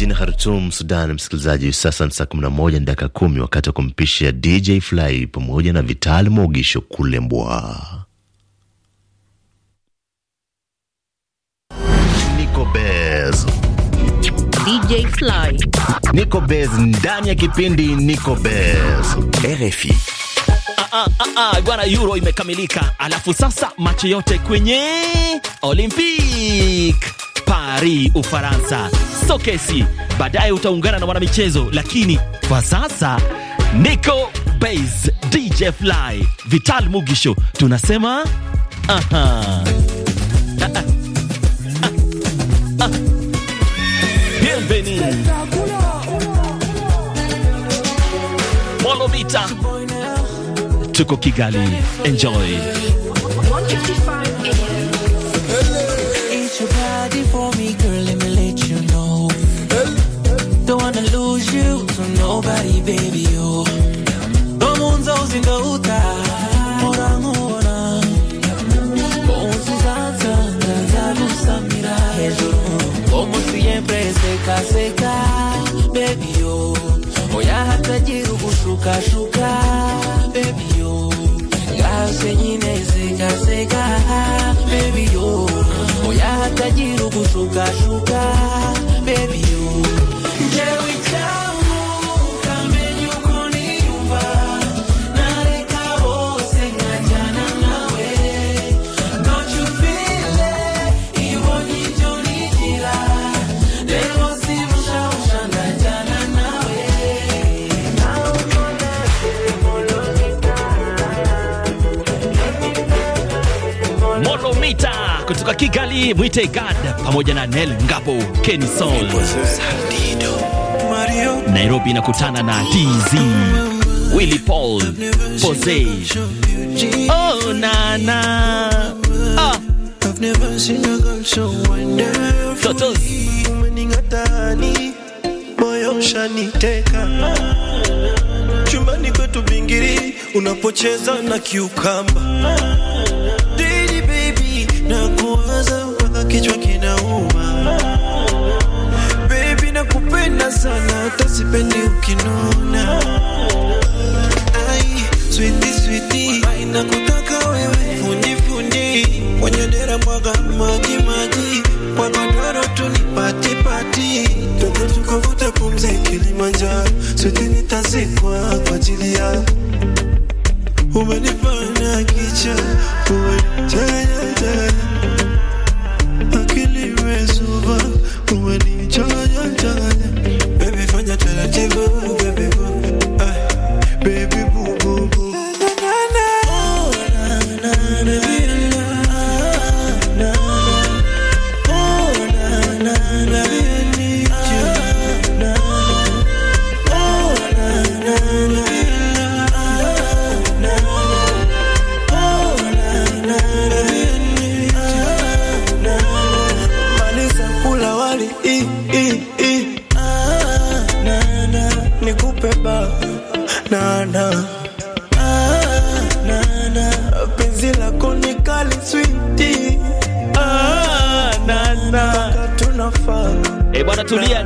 Jijini hartum Sudan, msikilizaji, sasa ni saa 11 na dakika kumi, wakati wa kumpisha DJ Fly pamoja na Vital Mogisho kule Mbwa. Niko Bez, DJ Fly, Niko Bez ndani ya kipindi Niko Bez, RFI. Ah, ah, ah, bwana, Euro imekamilika, alafu sasa macho yote kwenye olympic Paris, Ufaransa. Sokesi baadaye utaungana na wanamichezo lakini kwa sasa niko Base, DJ Fly, Vital Mugisho tunasema aha. Bienvenue. Molomita. Tuko Kigali. Enjoy. It's your body for me, girl. Let let you know. you to nobody, baby. mwenye seka seka baby yo, moya hatajiru kushuka shuka kutoka Kigali, mwite gad pamoja na Nel ngabo Ken Nairobi inakutana na TZ, Willy Paul, Pose. Oh nana ah. chumbani kwetu bingiri unapocheza na kiukamba kichwa kinauma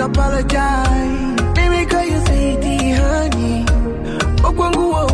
apologize. Baby girl, you say honey. Okwangu,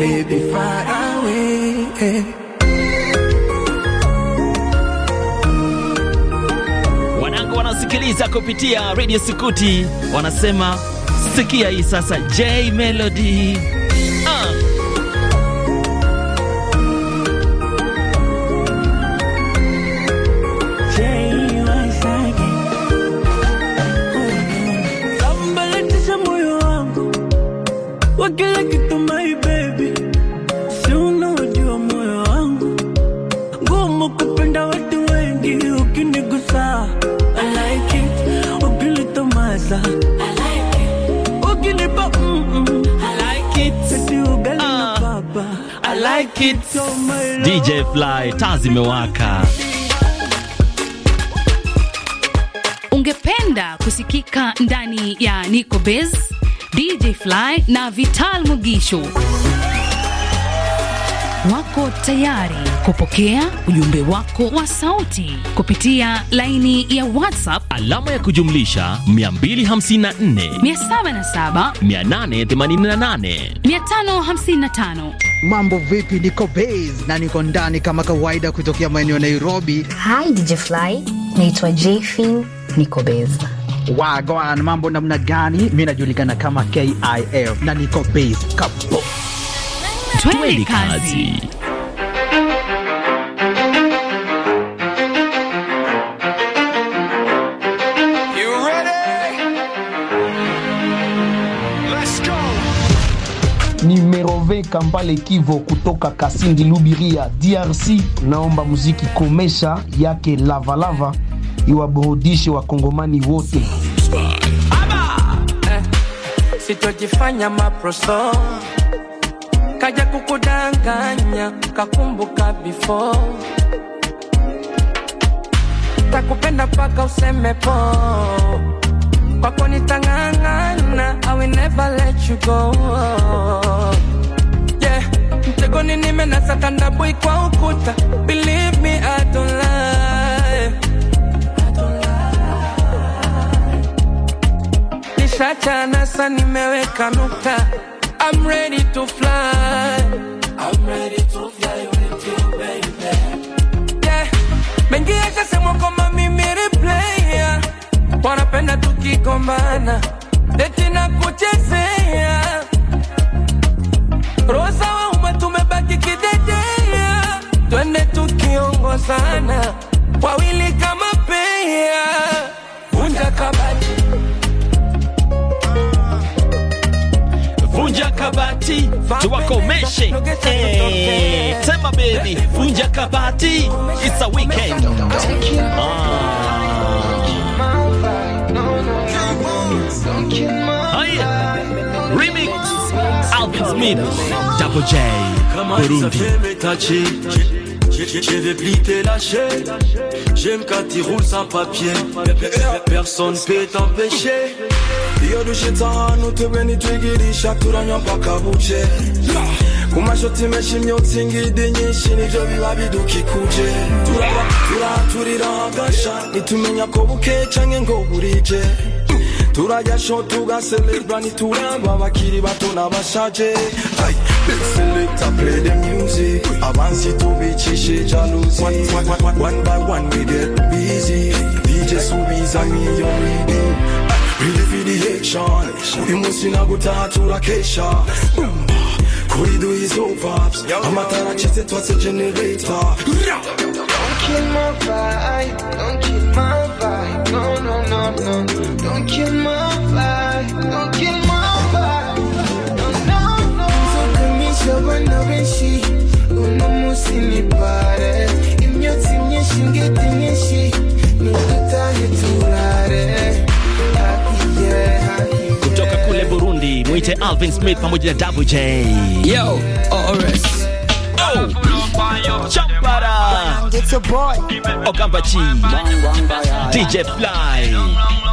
baby, far away. Wanangu wanaosikiliza kupitia Radio Sukuti wanasema sikia hii sasa J Melody kwanza ukinipa ah. DJ Fly, taa zimewaka. Ungependa kusikika ndani ya Nico Bez, DJ Fly na Vital Mugisho wako tayari kupokea ujumbe wako wa sauti kupitia laini ya WhatsApp alama ya kujumlisha 254 77 Mambo vipi? Niko base na niko ndani kama kawaida kutokea maeneo ya Nairobi. Hi DJ Fly, naitwa Jfin, niko base Wagwan, mambo namna gani? Mi najulikana kama KIF na niko base kapo. Twende kazi. Gervais Kambale Kivo kutoka Kasindi Lubiria, DRC. Naomba muziki komesha yake Lavalava iwaburudishe wakongomani wote. Eh, sitojifanya maproso kaja kukudanganya, kakumbuka before takupenda paka useme po kwako nitang'ang'ana, I will never let you go mtegoni nimenasa tandabui kwa ukuta. Believe me, I don't lie. I don't nimeweka nukta. I'm ready to fly. I'm ready to fly with you, baby. Yeah. Mengi yakasemwa kama mimi replay. Wanapenda tukigombana. Deti sana, wawili kama pea, vunja kabati, vunja kabati, tuwakomeshe sema eh, baby, vunja kabati, it's a weekend ah. Remix Alvin Smith Double J Burundi Je vais plus te lâcher. J'aime quand tu roules sans papier. Personne peut t'empêcher. te dushitahanu twebwe ntitwigirisha turanywa mpaka buce ku mashoti menshi imyotsi ingidi nyinshi nivyo biba bidukikuje turaturira agasha nitumenya ko buke canke ngo burije turajya sho tugaselebra ntituramba abakiri bato n'abashaje Hey, let's select and play the music want Avansi tou bitchi she jalousi One, one, one, one, one by one we get busy DJ Subiz a mi yo reading Ready for the action Uti musi na kutatura kesha Korido is over it chese a generator Don't kill my vibe Don't kill my vibe No, no, no, no Don't kill my kutoka kule Burundi, mwite Alvin Smith pamoja na Double J. Yo, ORS. Oh, Chambara. Okambachi. DJ Fly.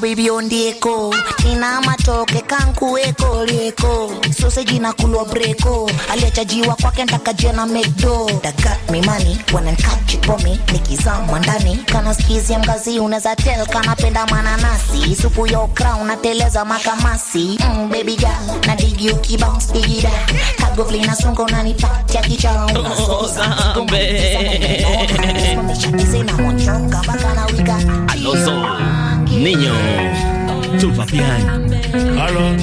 baby ondieko tina matoke kankuweko lieko soseji na kulwa breko aliachajiwa kwake ntakajena mekdo dagatmimani wanankachipomi nikizama ndani kana skizia mgazi unaweza tel kanapenda mananasi supu ya okra unateleza makamasi mm, baby ja na digi ukibounce digida kagovli na songo unanipatia kichao unasoza kumbe Niño. Tout va bien. Alors,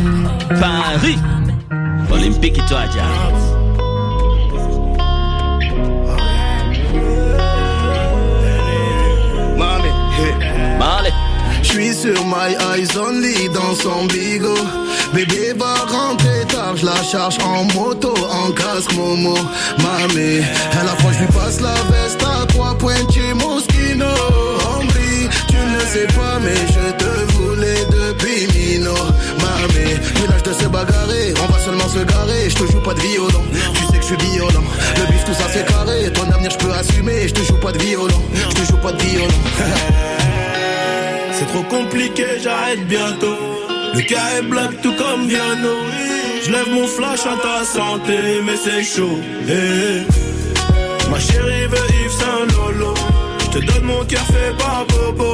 Paris, Olympique toi, Je suis sur my eyes only dans son bigo. Bébé va rentrer tard, je la charge en moto, en casque, Momo, Mamie, À la fois, je lui passe la veste à trois points, mon sais pas, mais je te voulais depuis Mino. Mamé, village de se bagarrer, on va seulement se garer. Je te joue pas de violon, tu sais que je suis violent. Le bif, tout ça c'est carré, ton avenir je peux assumer. Je te joue pas de violon, je te joue pas de violon. c'est trop compliqué, j'arrête bientôt. Le cas est tout comme bien nourri. Je lève mon flash à ta santé, mais c'est chaud. Eh. Ma chérie veut Yves Saint Lolo. Je te donne mon café fait par Bobo.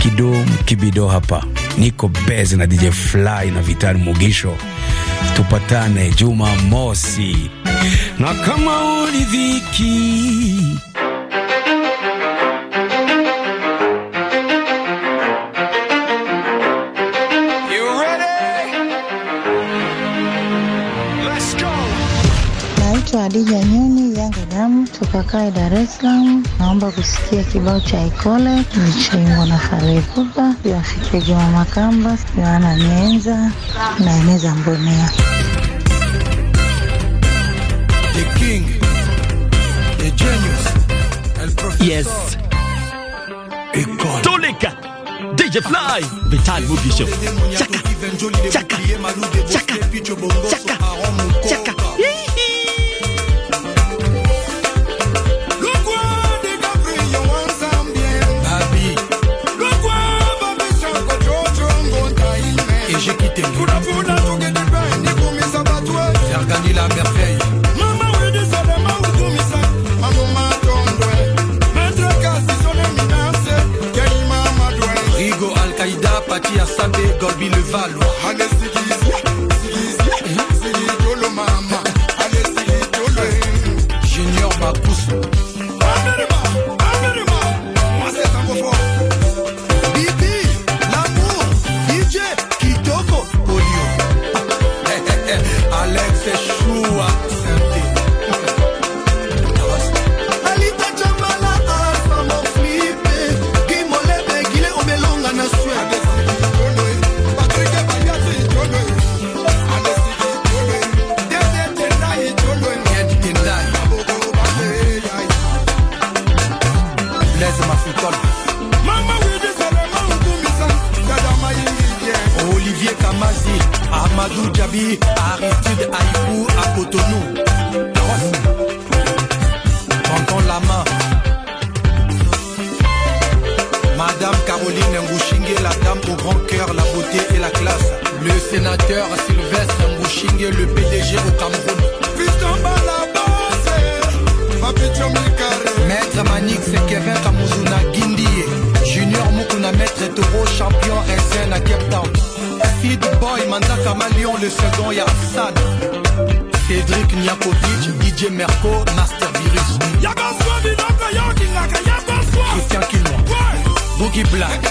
kido kibido hapa, niko bezi na DJ Fly na Vitali Mugisho. Tupatane Juma mosi, na kama ulidhiki Naitwa Adija Nyoni Yanga Damu, tukakae Dar es Salaam. Naomba kusikia kibao cha Ikole kilichoimbwa na kubwa Ipupa, iwafikie Juma Makamba, Yohana Nyenza na Eneza Mbonea. Yes. Tolika DJ Fly Vital Mugisho Show Chaka Chaka Chaka Chaka Chaka Jiquitengue. la beauté et la classe. Le sénateur Sylvestre et le PDG au Cameroun. Maître c'est Kevin Kamuzuna Junior Mukuna, maître Toro, champion SN à Cape Town. Boy, le second Cédric Niakovic, DJ Merco, Master Virus. Black.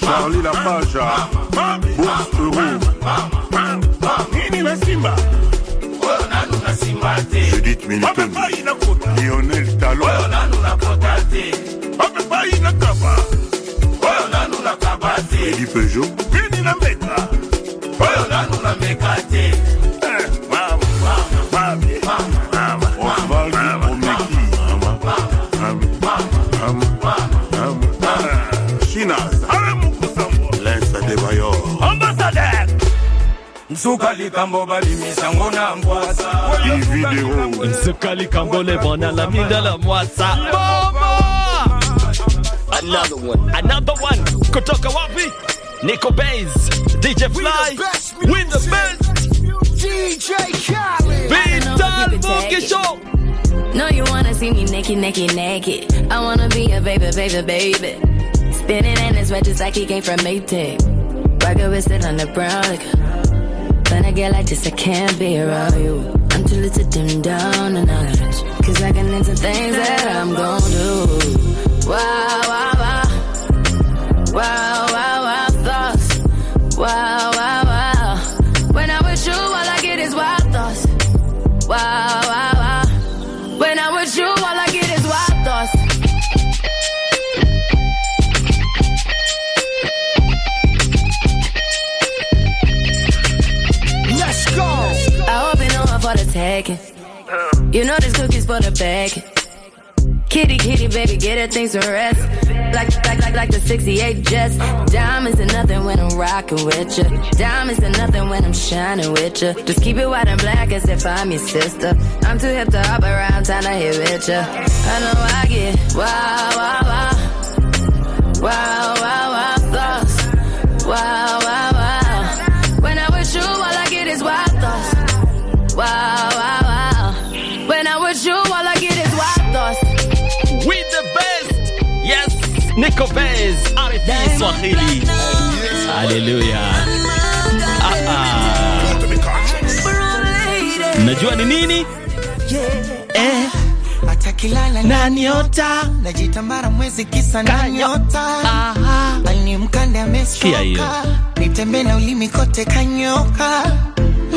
Charlie Lapage, bourse nous Judith Milton, Lionel Talon, Peugeot, suka likambo lebona la mwasa another one another one kutoka wapi Nico Bays DJ Fly win the best DJ Khaled Vital Muki Show no, you wanna see me naked, naked, naked. I wanna be a baby, baby, baby. Spinning in his red just like he came from Maytag. Rocket with it on the brown. Like, Find a girl like this, I can't be around you. I'm too little to dim down a notch. Cause I can into things that I'm gon' do. Wow, wow, wow. Wow. You know this cookies for the bag. Kitty, kitty, baby, get her things to rest. Like, like, like, like the 68 Jets. Diamonds are nothing when I'm rocking with ya. Diamonds are nothing when I'm shining with ya. Just keep it white and black as if I'm your sister. I'm too hip to hop around, time to hit with ya. I know I get wow, wow, wow. Wow. Michael Bez RFI Swahili. Haleluya. Najua ni nini? Eh. Atakilala na nyota najitambara mwezi kisa na nyota ani mkande ameshoka Nitembe na ulimi kote kanyoka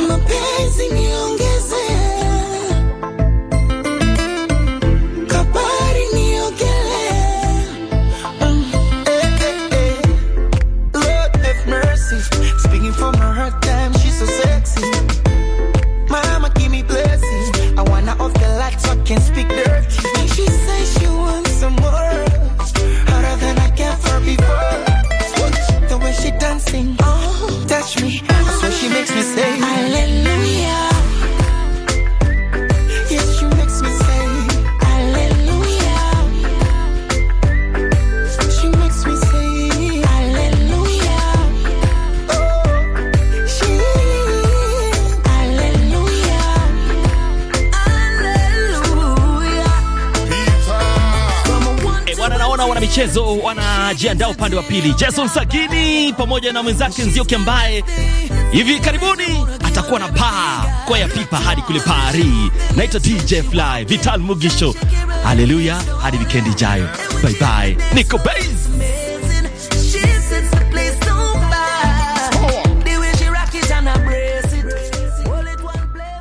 mapenzi ni mchezo wanajiandaa upande wa pili, Jason Sagini pamoja na mwenzake Nzioki ambaye hivi karibuni atakuwa na paa kwa ya pipa hadi kule Paris. Naitwa DJ Fly Vital Mugisho, haleluya, hadi wikendi ijayo, bye bye, niko base